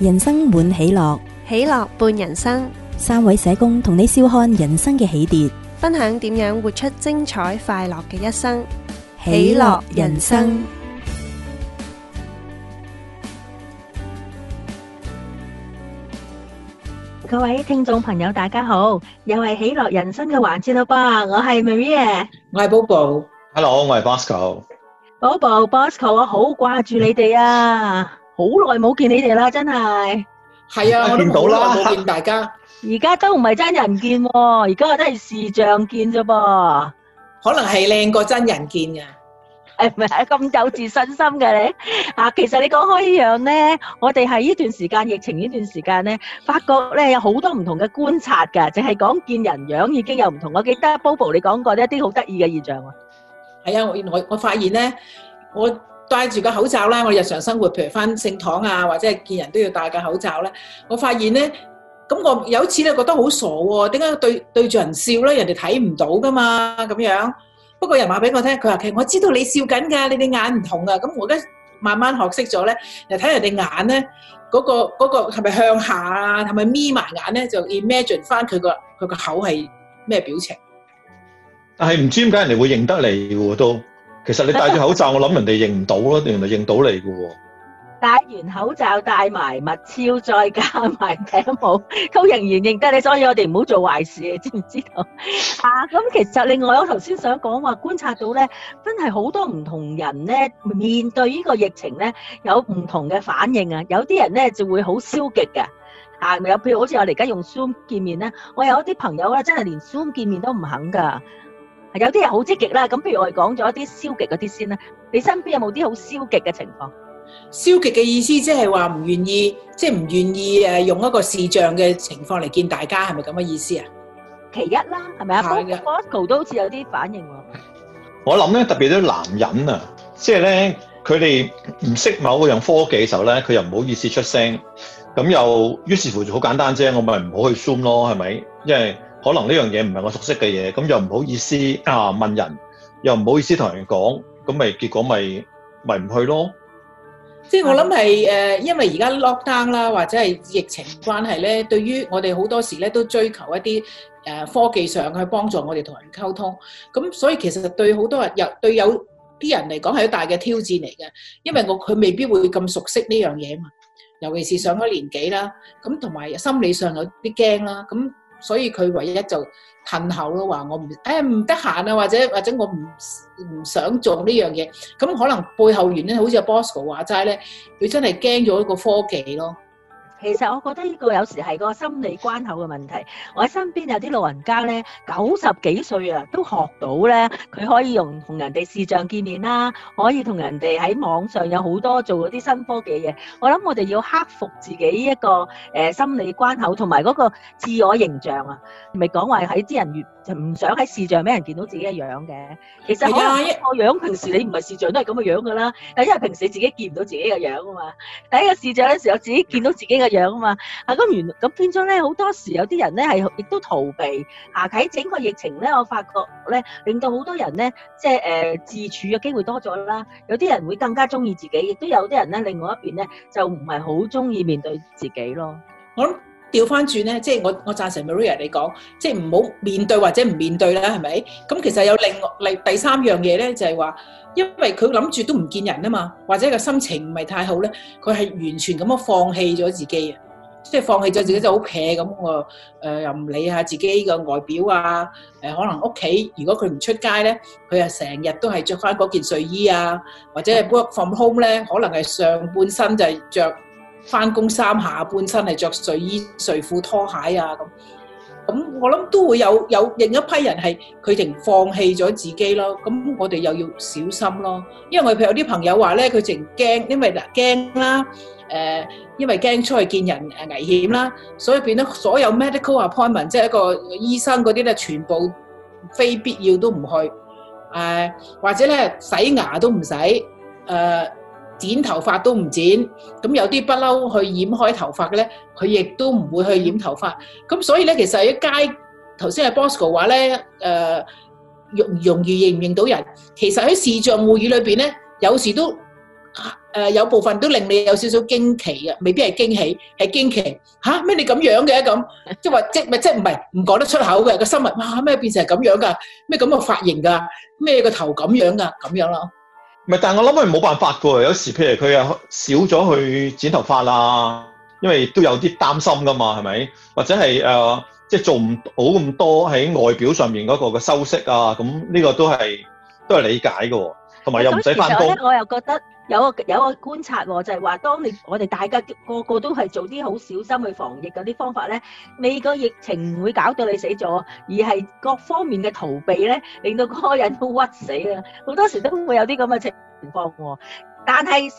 人生滿喜樂，喜樂伴人生。三位社工同你笑看人生嘅起跌，分享點樣活出精彩快樂嘅一生。喜樂人生，人生，各位聽眾朋友，大家好！又係喜樂人生嘅環節啦噃，我係 Maria，我係寶寶，Hello，我係 Bosco，寶寶，Bosco，我好掛住你哋啊！好耐冇見你哋啦，真係。係啊，見唔到啦，冇見大家。而家都唔係真人見喎，而家我都係視像見啫噃。可能係靚過真人見嘅。誒唔係咁有自信心嘅你嚇？其實你講開呢樣咧，我哋喺呢段時間疫情呢段時間咧，發覺咧有好多唔同嘅觀察㗎，淨係講見人樣已經有唔同。我記得 Bobo 你講過一啲好得意嘅現象啊。係啊，我我發現咧，我。戴住個口罩咧，我日常生活譬如返聖堂啊，或者見人都要戴個口罩咧，我發現咧，咁我有次咧覺得好傻喎，哦，點解對對住人笑咧？人哋睇唔到噶嘛咁樣。不過人話俾我聽，佢話其實我知道你笑緊㗎，你哋眼唔同啊。咁我而家慢慢學識咗咧，又睇人哋眼咧，嗰、嗰個嗰係咪向下啊？係咪眯埋眼咧？就 imagine 返佢個佢個口係咩表情？但係唔知點解人哋會認得你喎都。其實你戴住口罩，我諗人哋認唔到咯，定人哋認到你㗎喎？戴完口罩，戴埋墨超，再加埋頂帽，都仍然認得你。所以我哋唔好做壞事，你知唔知道？啊，咁其實另外我頭先想講話觀察到咧，真係好多唔同人咧面對呢個疫情咧，有唔同嘅反應啊。有啲人咧就會好消極嘅，啊，有譬如好似我哋而家用 Zoom 見面咧，我有一啲朋友咧真係連 Zoom 見面都唔肯㗎。有啲人好積極啦，咁譬如我哋講咗一啲消極嗰啲先啦。你身邊有冇啲好消極嘅情況？消極嘅意思即係話唔願意，即係唔願意誒用一個視像嘅情況嚟見大家，係咪咁嘅意思啊？其一啦，係咪啊？我我阿 Bosco 都好似有啲反應喎。我諗咧，特別啲男人啊，即係咧佢哋唔識某嗰樣科技嘅時候咧，佢又唔好意思出聲，咁又於是乎就好簡單啫，我咪唔好去 Zoom 咯，係咪？因為可能呢樣嘢唔係我熟悉嘅嘢，咁又唔好意思啊問人，又唔好意思同人講，咁咪結果咪咪唔去咯。即係我諗係誒，因為而家 lockdown 啦，或者係疫情關係咧，對於我哋好多時咧都追求一啲誒科技上去幫助我哋同人溝通，咁所以其實對好多人又對有啲人嚟講係好大嘅挑戰嚟嘅，因為我佢未必會咁熟悉呢樣嘢嘛，尤其是上咗年紀啦，咁同埋心理上有啲驚啦，咁。所以佢唯一就吞口咯，話我唔，誒唔得閒啊，或者或者我唔唔想做呢樣嘢，咁可能背後原因好似阿 Boss 哥話齋咧，佢真係驚咗一個科技咯。其實我覺得呢個有時係個心理關口嘅問題。我喺身邊有啲老人家咧，九十幾歲啊，都學到咧，佢可以用同人哋視像見面啦，可以同人哋喺網上有好多做嗰啲新科技嘢。我諗我哋要克服自己一個誒心理關口，同埋嗰個自我形象啊。唔係講話喺啲人越唔想喺視像俾人見到自己嘅樣嘅。其實可能我我樣平時你唔係視像都係咁嘅樣㗎啦。但因為平時你自己見唔到自己嘅樣啊嘛。喺個視像嘅時候，自己見到自己嘅樣啊嘛，啊咁原咁變相咧，好多時有啲人咧係亦都逃避，啊喺整個疫情咧，我發覺咧令到好多人咧即係誒、呃、自處嘅機會多咗啦，有啲人會更加鍾意自己，亦都有啲人咧另外一邊咧就唔係好鍾意面對自己咯。好。調翻轉咧，即係、就是、我我贊成 Maria 你講，即係唔好面對或者唔面對啦，係咪？咁其實有另外第三樣嘢咧，就係話，因為佢諗住都唔見人啊嘛，或者個心情唔係太好咧，佢係完全咁樣放棄咗自己，即、就、係、是、放棄咗自己就好撇，咁我誒又唔理下自己個外表啊，誒、呃、可能屋企如果佢唔出街咧，佢啊成日都係着翻嗰件睡衣啊，或者係 work from home 咧，可能係上半身就係着。翻工三下半身係着睡衣睡褲拖鞋啊咁，咁我諗都會有有另一批人係佢哋放棄咗自己咯，咁我哋又要小心咯，因為譬如有啲朋友話咧佢淨驚，因為嗱驚啦，誒、呃、因為驚出去見人誒危險啦，所以變咗所有 medical appointment 即係一個醫生嗰啲咧全部非必要都唔去，誒、呃、或者咧洗牙都唔使。誒、呃。剪頭髮都唔剪，咁有啲不嬲去染開頭髮嘅咧，佢亦都唔會去染頭髮。咁所以咧，其實喺街頭先係 Bosco 話咧，誒容唔容易認唔認到人？其實喺視像會議裏邊咧，有時都誒有部分都令你有少少驚奇嘅，未必係驚喜，係驚奇嚇，咩？你咁樣嘅，咁，即係話即咪即唔係唔講得出口嘅個新聞，哇咩變成咁樣噶？咩咁嘅髮型噶？咩個頭咁樣噶？咁樣咯。唔但係我諗佢冇辦法嘅喎。有時譬如佢啊少咗去剪頭髮啦，因為都有啲擔心㗎嘛，係咪？或者係誒，即、呃、係做唔到咁多喺外表上面嗰個嘅修飾啊，咁呢個都係都係理解㗎喎。咁其實咧，我又覺得有個有個觀察喎、啊，就係話，當你我哋大家個個都係做啲好小心去防疫嗰啲方法咧，你個疫情唔會搞到你死咗，而係各方面嘅逃避咧，令到個人都屈死啊！好多時都會有啲咁嘅情情況喎。但係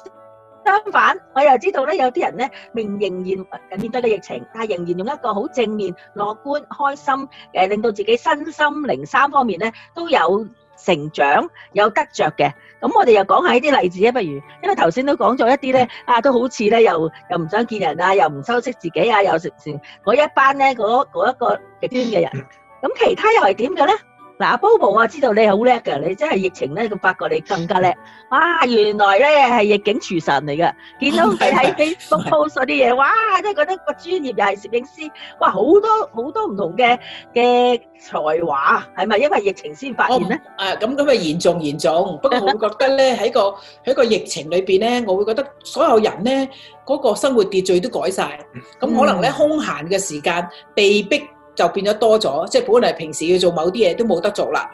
相反，我又知道咧，有啲人咧，明仍然面對嘅疫情，但係仍然用一個好正面、樂觀、開心，誒，令到自己身心靈三方面咧都有。成長有得着嘅，咁我哋又講下啲例子啊，不如，因為頭先都講咗一啲咧，啊，都好似咧又又唔想見人啊，又唔修飾自己啊，又成成嗰一班咧，嗰一個極端嘅人，咁 其他又係點嘅咧？嗱，Bobo、啊、我知道你好叻㗎，你真係疫情咧，個發覺你更加叻。哇，原來咧係逆境廚神嚟㗎，見到你喺 Facebook post 啲嘢，哇，真係覺得個專業又係攝影師。哇，好多好多唔同嘅嘅才華，係咪因為疫情先發現咧？誒，咁咁咪嚴重嚴重。不過我會覺得咧，喺個喺個疫情裏邊咧，我會覺得所有人咧嗰，那個生活秩序都改晒。咁可能咧、嗯、空閒嘅時間被逼，就變咗多咗，即係本嚟平時要做某啲嘢都冇得做啦，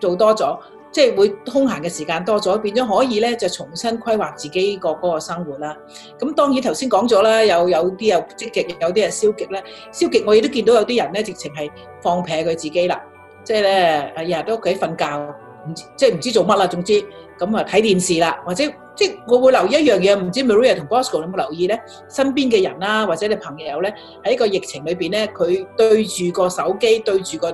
做多咗，即係會空閒嘅時間多咗，變咗可以咧就重新規劃自己個嗰個生活啦。咁當然頭先講咗啦，有有啲又積極，有啲又消極咧。消極我亦都見到有啲人咧，直情係放屁佢自己啦，即係咧，日、哎、日都喺屋企瞓覺，唔知即係唔知做乜啦，總之。咁啊，睇電視啦，或者即係我會留意一樣嘢，唔知 Maria 同 Bosco 有冇留意咧？身邊嘅人啦、啊，或者你朋友咧，喺個疫情裏邊咧，佢對住個手機，對住個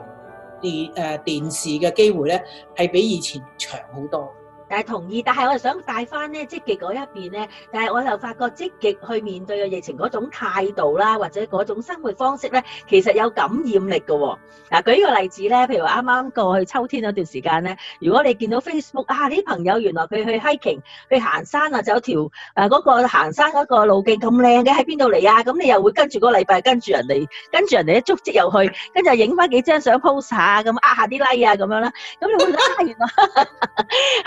電，誒，電視嘅機會咧，係比以前長好多。但係同意，但係我又想帶翻咧積極嗰一邊咧。但係我又發覺積極去面對嘅疫情嗰種態度啦，或者嗰種生活方式咧，其實有感染力嘅喎。嗱，舉一個例子咧，譬如啱啱過去秋天嗰段時間咧，如果你見到 Facebook 啊啲朋友，原來佢去 hiking，去行山有啊，就條誒嗰個行山嗰個路徑咁靚嘅喺邊度嚟啊？咁你又會跟住個禮拜跟住人哋，跟住人哋一足跡又去，跟住影翻幾張相 post 下 like，咁呃下啲 like 啊咁樣啦。咁你會啦，原來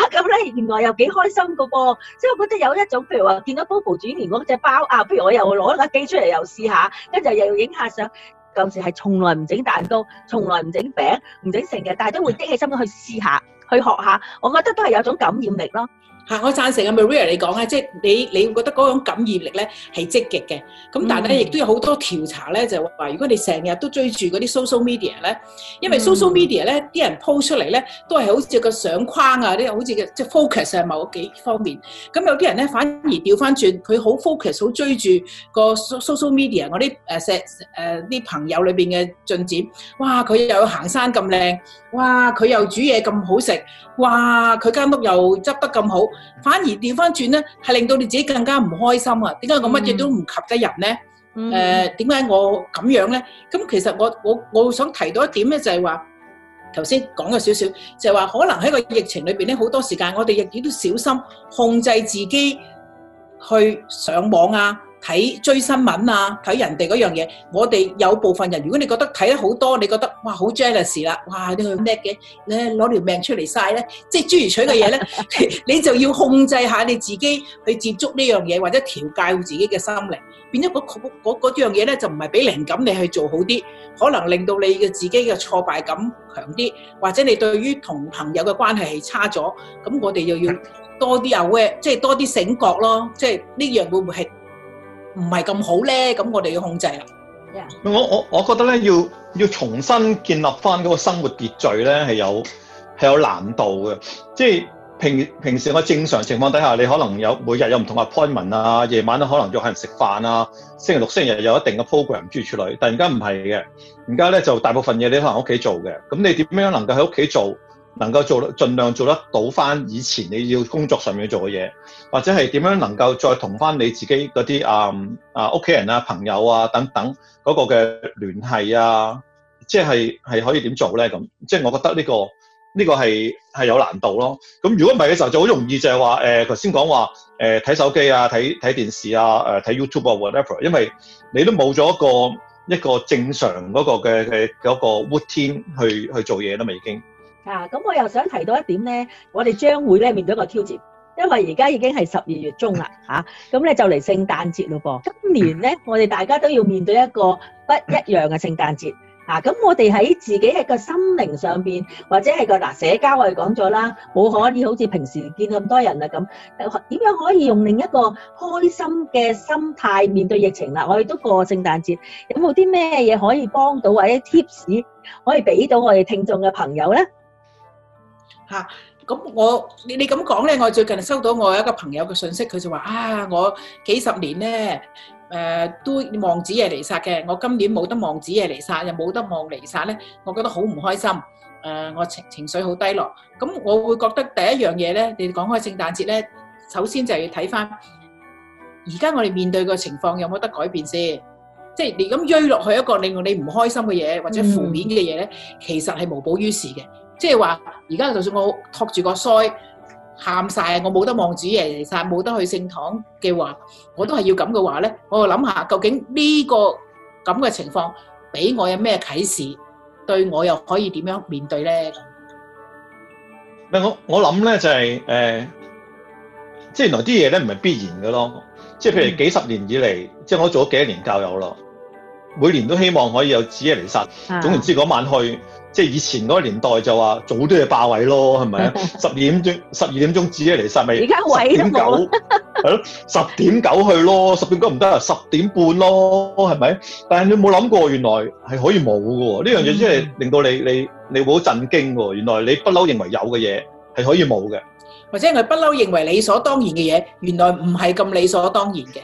咁 誒，原來又幾開心個噃，即係我覺得有一種譬如話見到 Bobo 主演嗰隻包啊，不如我又攞架機出嚟又試下，跟住又影下相。舊時係從來唔整蛋糕，從來唔整餅，唔整成嘅，但係都會激起心去試下，去學下。我覺得都係有種感染力咯。嚇！我贊成啊，Maria、就是、你講啊，即係你你覺得嗰種感染力咧係積極嘅，咁但係咧亦都有好多調查咧、嗯、就話，如果你成日都追住嗰啲 social media 咧，因為 social media 咧啲人鋪出嚟咧都係好似個相框啊，啲好似嘅即係 focus 喺某幾方面。咁有啲人咧反而調翻轉，佢好 focus 好追住個 social media 我啲誒石啲朋友裏邊嘅進展。哇！佢又行山咁靚，哇！佢又煮嘢咁好食，哇！佢間屋又執得咁好。反而調翻轉咧，係令到你自己更加唔開心啊！點解我乜嘢都唔及得人咧？誒、嗯，點解、呃、我咁樣咧？咁其實我我我想提到一點咧，說點就係話頭先講咗少少，就係話可能喺個疫情裏邊咧，好多時間我哋亦都要小心控制自己去上網啊。睇追新聞啊，睇人哋嗰樣嘢，我哋有部分人，如果你覺得睇得好多，你覺得哇好 jealous 啦，哇哇你去叻嘅你攞條命出嚟晒咧，即係諸如此類嘅嘢咧，你就要控制下你自己去接觸呢樣嘢，或者調解自己嘅心靈，變咗嗰樣嘢咧就唔係俾靈感你去做好啲，可能令到你嘅自己嘅挫敗感強啲，或者你對於同朋友嘅關係係差咗，咁我哋又要多啲 aware 即係多啲醒覺咯，即係呢樣會唔會係？唔係咁好咧，咁我哋要控制啦。Yeah. 我我我覺得咧，要要重新建立翻嗰個生活秩序咧，係有係有難度嘅。即係平平時我正常情況底下，你可能有每日有唔同嘅 appointment 啊，夜晚都可能約人食飯啊，星期六星期日有一定嘅 program 諸如此類，突然間唔係嘅，而家咧就大部分嘢你可能喺屋企做嘅。咁你點樣能夠喺屋企做？能夠做盡量做得到翻以前你要工作上面做嘅嘢，或者係點樣能夠再同翻你自己嗰啲、嗯、啊啊屋企人啊朋友啊等等嗰個嘅聯繫啊，即係係可以點做咧？咁即係我覺得呢、呢個呢、呢個係係有難度咯。咁如果唔係嘅時候就好容易就係話誒，頭先講話誒睇手機啊、睇睇電視啊、睇、呃、YouTube 啊 whatever，因為你都冇咗個一個正常嗰個嘅嘅 routine 去去做嘢啦嘛，已經啊！咁我又想提到一點咧，我哋將會咧面對一個挑戰，因為而家已經係十二月中啦嚇，咁咧就嚟聖誕節嘞噃。今年咧，我哋大家都要面對一個不一樣嘅聖誕節。啊！咁我哋喺自己喺個心靈上邊，或者係個嗱社交，我哋講咗啦，冇可以好似平時見咁多人啊咁，點樣可以用另一個開心嘅心態面對疫情啦？我哋都過聖誕節，有冇啲咩嘢可以幫到或者 tips 可以俾到我哋聽眾嘅朋友咧？嚇！咁我你你咁講咧，我最近收到我有一個朋友嘅信息，佢就話啊，我幾十年咧誒都望子夜彌撒嘅，我今年冇得望子夜彌撒，又冇得望彌撒咧，我覺得好唔開心。誒，我情情緒好低落。咁我會覺得第一樣嘢咧，你哋講開聖誕節咧，首先就要睇翻而家我哋面對個情況有冇得改變先。即係你咁追落去一個令到你唔開心嘅嘢或者負面嘅嘢咧，其實係無補於事嘅。即係話，而家就算我托住個腮喊曬，我冇得望子夜彌撒，冇得去聖堂嘅話，我都係要咁嘅話咧，我諗下究竟呢、這個咁嘅情況俾我有咩啟示，對我又可以點樣面對咧？唔係我我諗咧就係、是、誒、呃，即係原來啲嘢咧唔係必然嘅咯。即係譬如幾十年以嚟，嗯、即係我做咗幾多年教友咯，每年都希望可以有子夜彌撒，啊、總言之嗰晚去。即係以前嗰個年代就話早都要霸位咯，係咪 十二點鐘，十二點鐘止咧嚟晒咪？而家位都冇，係咯，十點九去咯，十點九唔得啊，十點半咯，係咪？但係你冇諗過原來係可以冇嘅喎，呢樣嘢真係令到你你你好震驚喎！原來你不嬲認為有嘅嘢係可以冇嘅，或者佢不嬲認為理所當然嘅嘢，原來唔係咁理所當然嘅。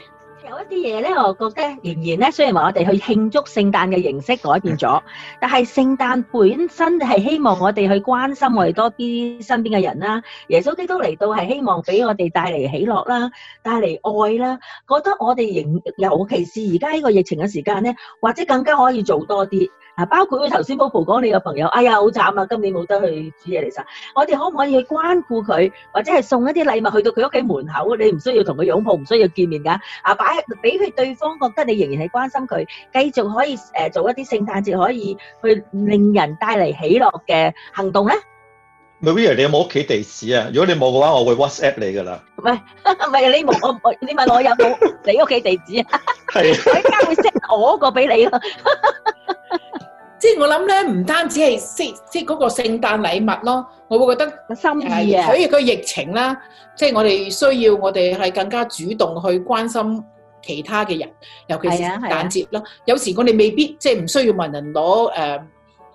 有一啲嘢咧，我覺得仍然咧，雖然話我哋去慶祝聖誕嘅形式改變咗，但係聖誕本身係希望我哋去關心我哋多啲身邊嘅人啦。耶穌基督嚟到係希望俾我哋帶嚟喜樂啦，帶嚟愛啦。覺得我哋仍尤其是而家呢個疫情嘅時間咧，或者更加可以做多啲。啊，包括佢頭先波波講你個朋友，哎呀好慘啊，今年冇得去煮嘢嚟食。我哋可唔可以去關顧佢，或者係送一啲禮物去到佢屋企門口？你唔需要同佢擁抱，唔需要見面㗎。啊，擺俾佢對方覺得你仍然係關心佢，繼續可以誒做一啲聖誕節可以去令人帶嚟喜樂嘅行動咧。Maria，你有冇屋企地址啊？如果你冇嘅話，我會 WhatsApp 你㗎啦。唔係唔係，你冇我，你問我有冇你屋企地址啊？係，我依家會 send 我個俾你咯。即係我諗咧，唔單止係聖即係嗰個聖誕禮物咯，我會覺得心意啊。所以個疫情啦，即係我哋需要我哋係更加主動去關心其他嘅人，尤其是聖誕節咯。啊啊、有時我哋未必即係唔需要問人攞誒、呃、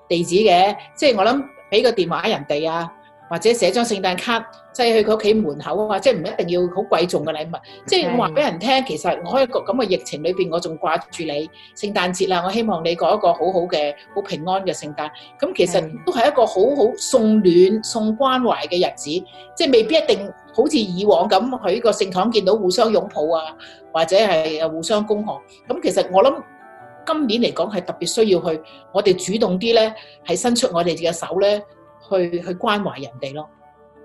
地址嘅，即係我諗俾個電話人哋啊。或者寫張聖誕卡，即寄去佢屋企門口啊！即係唔一定要好貴重嘅禮物，Okay. 即係我話俾人聽，其實我喺個咁嘅疫情裏邊，我仲掛住你聖誕節啦！我希望你過一個好好嘅、好平安嘅聖誕。咁其實都係一個好好送暖、送關懷嘅日子，即係未必一定好似以往咁喺個聖堂見到互相擁抱啊，或者係啊互相恭賀。咁其實我諗今年嚟講係特別需要去，我哋主動啲咧，係伸出我哋嘅手咧。去去關懷人哋咯，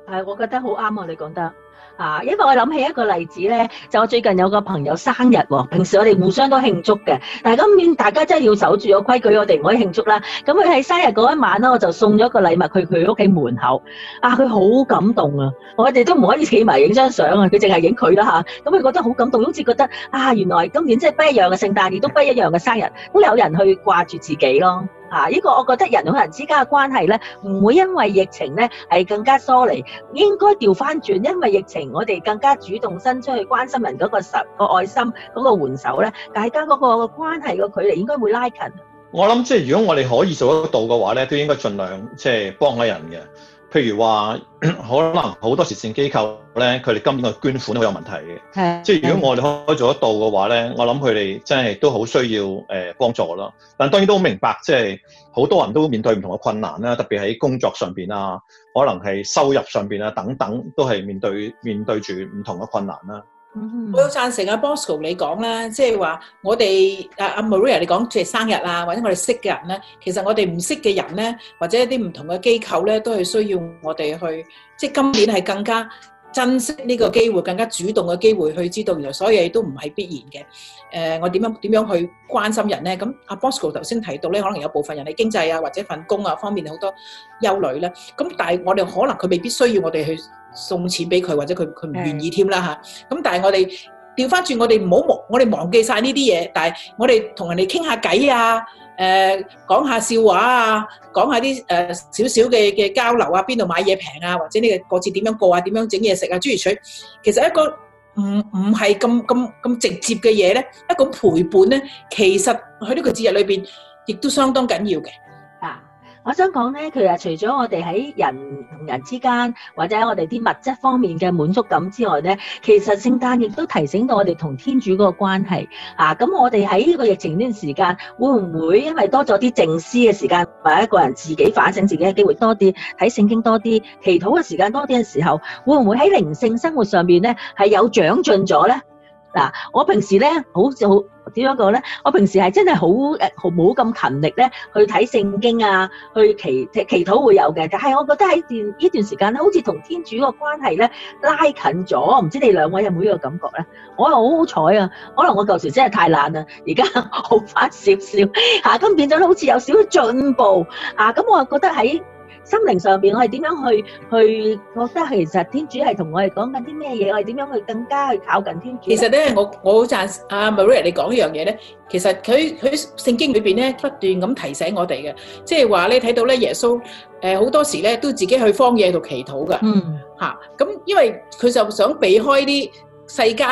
係、哎、我覺得好啱啊！你講得啊，因為我諗起一個例子咧，就我最近有個朋友生日喎，哦，平時我哋互相都慶祝嘅，但係今年大家真係要守住個規矩，我哋唔可以慶祝啦。咁佢喺生日嗰一晚咧，我就送咗個禮物去佢屋企門口啊，佢好感動啊！我哋都唔可以企埋影張相啊，佢淨係影佢啦吓。咁佢覺得好感動，好似覺得啊，原來今年真係不一樣嘅聖誕，亦都不一樣嘅生日，都有人去掛住自己咯。啊！呢個我覺得人同人之間嘅關係咧，唔會因為疫情咧係更加疏離，應該調返轉。因為疫情，我哋更加主動伸出去關心人嗰個十個愛心嗰個援手咧，大家嗰個關係個距離應該會拉近。我諗即係如果我哋可以做得到嘅話咧，都應該盡量即係幫下人嘅。譬如話，可能好多慈善機構咧，佢哋今年嘅捐款都好有問題嘅。係啊，即係如果我哋可以做得到嘅話咧，我諗佢哋真係都好需要誒、呃、幫助咯。但當然都好明白，即係好多人都面對唔同嘅困難啦，特別喺工作上邊啊，可能係收入上邊啊等等，都係面對面對住唔同嘅困難啦。啊我好贊成阿 Bosco 你講啦，即係話我哋啊，阿 Maria 你講，即係生日啊，或者我哋識嘅人咧，其實我哋唔識嘅人咧，或者一啲唔同嘅機構咧，都係需要我哋去，即係今年係更加。珍惜呢個機會，更加主動嘅機會去知道原來所有嘢都唔係必然嘅。誒、呃，我點樣點樣去關心人咧？咁阿 Bosco 頭先提到咧，可能有部分人喺經濟啊或者份工啊方面好多憂慮咧。咁但係我哋可能佢未必需要我哋去送錢俾佢，或者佢佢唔願意添啦嚇。咁是但係我哋調翻轉，我哋唔好忘我哋忘記晒呢啲嘢。但係我哋同人哋傾下偈啊！誒講下笑話啊，講下啲誒少少嘅嘅交流啊，邊度買嘢平啊，或者呢個節點樣過啊，點樣整嘢食啊，諸如此類，其實一個唔唔係咁咁咁直接嘅嘢咧，一種陪伴咧，其實喺呢個節日裏邊，亦都相當緊要嘅。我想講呢，其實除咗我哋喺人同人之間，或者喺我哋啲物質方面嘅滿足感之外呢，其實聖誕亦都提醒到我哋同天主嗰個關係。啊，那咁我哋喺呢個疫情呢段時間，會唔會因為多咗啲靜思嘅時間，或者一個人自己反省自己嘅機會多啲，睇聖經多啲，祈禱嘅時間多啲嘅時候，會唔會喺靈性生活上面呢係有長進咗呢？嗱、啊，我平時咧好似好點樣講咧？我平時係真係好誒，冇咁勤力咧，去睇聖經啊，去祈祈禱會有嘅。但係我覺得喺段呢段時間咧，好似同天主個關係咧拉近咗。唔知你兩位有冇呢個感覺咧？我又好好彩啊！可能我舊時真係太懶啦，而家好翻少少嚇，咁變咗好似有少少進步啊！咁、啊、我覺得喺。心靈上邊，我係點樣去去？覺得其實天主係同我哋講緊啲咩嘢？我係點樣去更加去靠近天主？其實咧，我我好讚阿 Maria 你講呢樣嘢咧。其實佢佢，聖經裏邊咧不斷咁提醒我哋嘅，即係話咧睇到，咧耶穌誒好多時咧都自己去荒野度祈禱噶，嗯吓咁，因為佢就想避開啲世間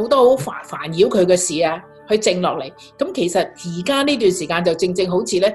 好多好煩煩擾佢嘅事啊，去靜落嚟。咁其實而家呢段時間就正正好似咧。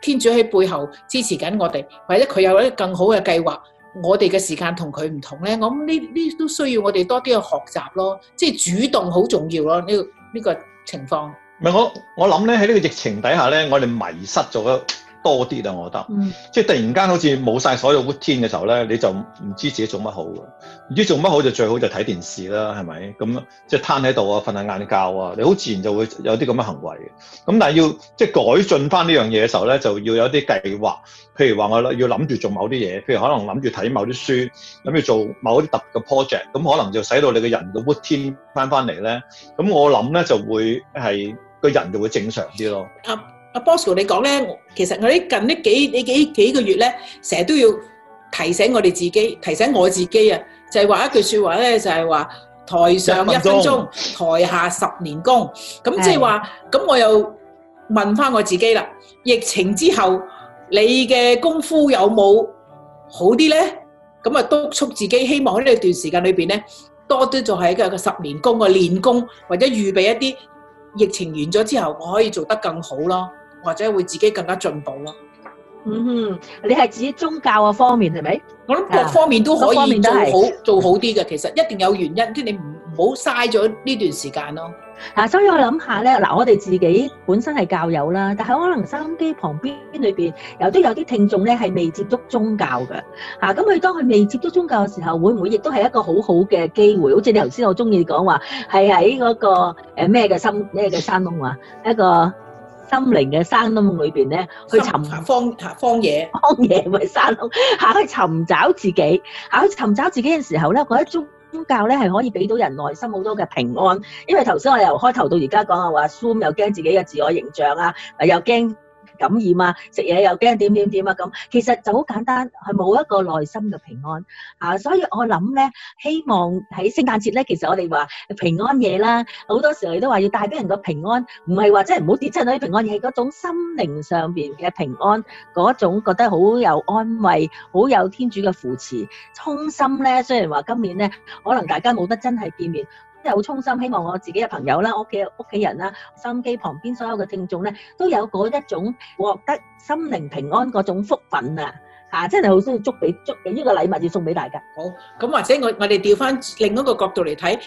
天主喺背後支持緊我哋，或者佢有一啲更好嘅計劃，我哋嘅時間同佢唔同咧，我諗呢呢都需要我哋多啲去學習咯，即係主動好重要咯呢呢個情況。唔係我我諗咧喺呢個疫情底下咧，我哋迷失咗。多啲啦，我覺得，嗯、即係突然間好似冇晒所有 routine 嘅時候咧，你就唔知自己做乜好。唔知做乜好就最好就睇電視啦，係咪？咁即係攤喺度啊，瞓下晏覺啊，你好自然就會有啲咁嘅行為嘅。咁但係要即係改進翻呢樣嘢嘅時候咧，就要有啲計劃。譬如話我要諗住做某啲嘢，譬如可能諗住睇某啲書，諗住做某啲特別嘅 project，咁可能就使到你個人嘅 routine 翻翻嚟咧。咁我諗咧就會係個人就會正常啲咯。嗯阿 Bosco 你講咧，其實我呢近呢幾你幾幾個月咧，成日都要提醒我哋自己，提醒我自己啊，就係話一句説話咧，就係話台上一分鐘，台下十年功。咁即係話，咁我又問翻我自己啦。疫情之後，你嘅功夫有冇好啲咧？咁啊，督促自己，希望呢一段時間裏邊咧，多啲做係一個十年功嘅練功或者預備一啲疫情完咗之後，我可以做得更好咯。或者會自己更加進步咯。嗯哼，你係指宗教嘅方面係咪？是我諗各方面都可以都做好做好啲嘅。其實一定有原因，即係你唔唔好嘥咗呢段時間咯。嗱，所以我諗下咧，嗱，我哋自己本身係教友啦，但係可能收音機旁邊裏邊有啲有啲聽眾咧，係未接觸宗教嘅。嚇，咁佢當佢未接觸宗教嘅時候，會唔會亦都係一個很好好嘅機會？好似你頭先我中意講話，係喺嗰個咩嘅心咩嘅山窿、那個啊、一個。心靈嘅山窿裏邊咧，去尋荒荒野，荒野咪山窿，係去尋找自己，去尋去尋找自己嘅時候咧，我覺得宗教咧係可以俾到人內心好多嘅平安，因為頭先我哋由開頭到而家講啊，話 Zoom 又驚自己嘅自我形象啊，又驚。感染啊！食嘢又驚點點點啊！咁其實就好簡單，係冇一個內心嘅平安啊！所以我諗咧，希望喺聖誕節咧，其實我哋話平安夜啦，好多時候我都話要帶俾人個平安，唔係話真係唔好跌親去平安，而係嗰種心靈上邊嘅平安，嗰種覺得好有安慰、好有天主嘅扶持。衷心咧，雖然話今年咧，可能大家冇得真係見面。真係好衷心，希望我自己嘅朋友啦、屋企、屋企人啦、收音機旁邊所有嘅聽眾咧，都有嗰一種獲得心靈平安嗰種福份啊！嚇，真係好需要捉俾捉俾呢個禮物要送俾大家。好，咁或者我我哋調翻另一個角度嚟睇，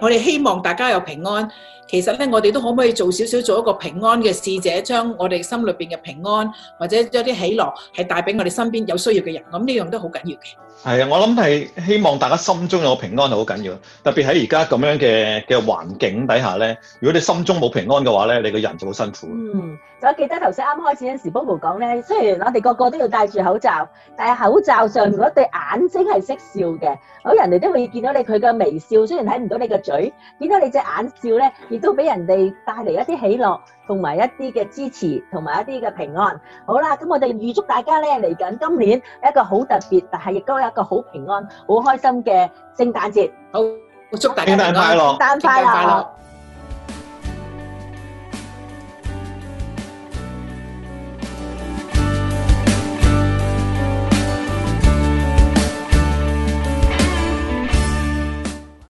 我哋希望大家有平安。其實咧，我哋都可唔可以做少少做一個平安嘅使者，將我哋心裏邊嘅平安或者將一啲喜樂係帶俾我哋身邊有需要嘅人？咁呢樣都好緊要嘅。係啊，我諗希望大家心中有個平安係好緊要，特別喺而家咁樣嘅嘅環境底下咧，如果你心中冇平安嘅話咧，你個人就好辛苦。嗯我記得頭先啱開始陣時，Bobo 講咧，雖然我哋個個都要戴住口罩，但係口罩上嗰對眼睛係識笑嘅，好人哋都會見到你佢嘅微笑。雖然睇唔到你嘅嘴，見到你隻眼笑咧，亦都俾人哋帶嚟一啲喜樂，同埋一啲嘅支持，同埋一啲嘅平安。好啦，咁我哋預祝大家咧，嚟緊今年一個好特別，但係亦都有一個好平安、好開心嘅聖誕節。好，我祝大家聖誕快樂，聖誕快樂！